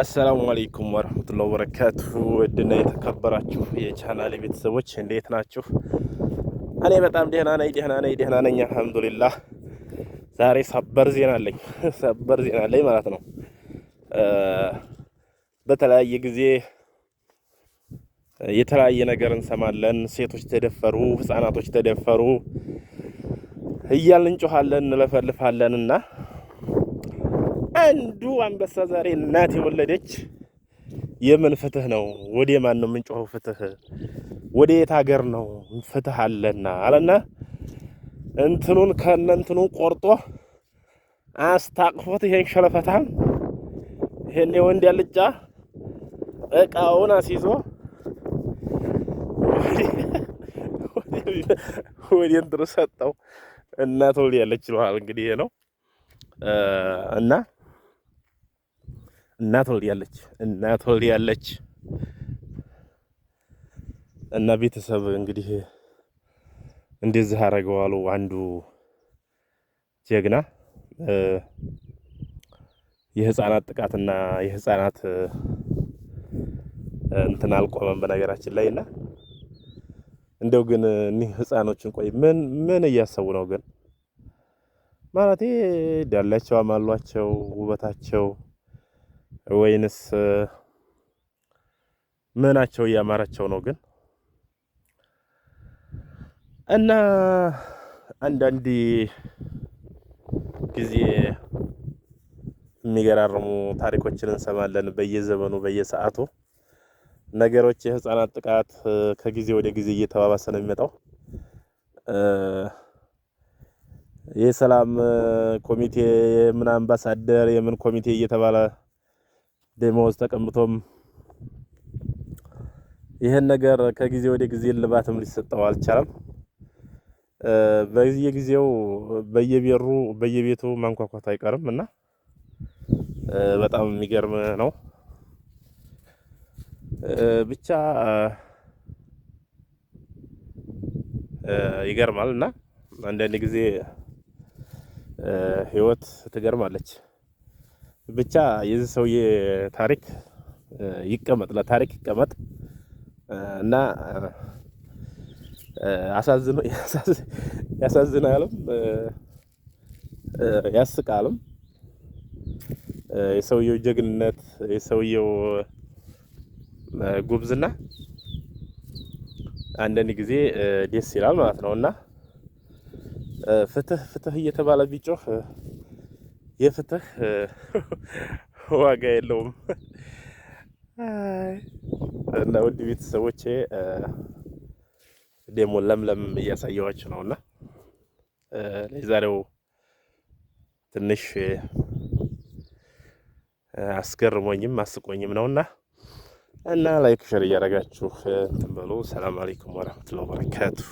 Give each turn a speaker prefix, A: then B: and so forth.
A: አሰላሙ አለይኩም ወረህመቱላሂ ወበረካቱሁ ውድና የተከበራችሁ የቻናል ቤተሰቦች እንዴት ናችሁ? እኔ በጣም ደህና ነኝ፣ ደህና ነኝ፣ ደህና ነኝ አልሐምዱሊላህ። ዛሬ ሰበር ዜና አለኝ፣ ሰበር ዜና አለኝ ማለት ነው። በተለያየ ጊዜ የተለያየ ነገር እንሰማለን። ሴቶች ተደፈሩ፣ ህጻናቶች ተደፈሩ እያልን እንጮኻለን፣ እንለፈልፋለን እና አንዱ አንበሳ ዛሬ እናት የወለደች የምን ፍትህ ነው? ወደ ማን ነው የምንጮኸው? ፍትህ ወደ የት ሀገር ነው ፍትህ አለና አለና እንትኑን ከነንትኑ ቆርጦ አስታቅፎት ይሄን ሸለፈታ ይሄን የወንድ ያልጫ እቃውን አስይዞ ወደ እንትኑ ሰጠው። እናት ወልድ ያለች ይለዋል እንግዲህ ይሄ ነው እና እናት ወልዳለች እናት ወልዳለች። እና ቤተሰብ እንግዲህ እንደዚህ አደረገዋሉ። አንዱ ጀግና የህፃናት ጥቃትና የህፃናት እንትን አልቆመም በነገራችን ላይ እና እንደው ግን እኒህ ህፃኖችን ቆይ ምን ምን እያሰቡ ነው ግን ማለት ዳላቸው አማሏቸው ውበታቸው ወይንስ ምናቸው እያማራቸው ነው? ግን እና አንዳንድ ጊዜ የሚገራርሙ ታሪኮችን እንሰማለን በየዘመኑ በየሰዓቱ። ነገሮች የህፃናት ጥቃት ከጊዜ ወደ ጊዜ እየተባባሰ ነው የሚመጣው። የሰላም ኮሚቴ የምን አምባሳደር የምን ኮሚቴ እየተባለ ደሞዝ ተቀምቶም ይህን ነገር ከጊዜ ወደ ጊዜ እልባትም ሊሰጠው አልቻለም። በየጊዜው በየቤሩ በየቤቱ ማንኳኳት አይቀርም እና በጣም የሚገርም ነው። ብቻ ይገርማል እና አንዳንድ ጊዜ ህይወት ትገርማለች። ብቻ የዚህ ሰውዬ ታሪክ ይቀመጥ፣ ለታሪክ ይቀመጥ እና ያሳዝናልም ያስቃልም። የሰውየው ጀግንነት፣ የሰውየው ጉብዝና አንዳንድ ጊዜ ደስ ይላል ማለት ነው እና ፍትህ ፍትህ እየተባለ ቢጮህ የፍትህ ዋጋ የለውም። እና ውድ ቤተሰቦቼ ደግሞ ለምለም እያሳየኋችሁ ነው እና ለዛሬው ትንሽ አስገርሞኝም አስቆኝም ነው እና እና ላይክ ሸር እያደረጋችሁ እንትን በሉ። ሰላም አለይኩም ወረህመቱላሂ ወበረካቱ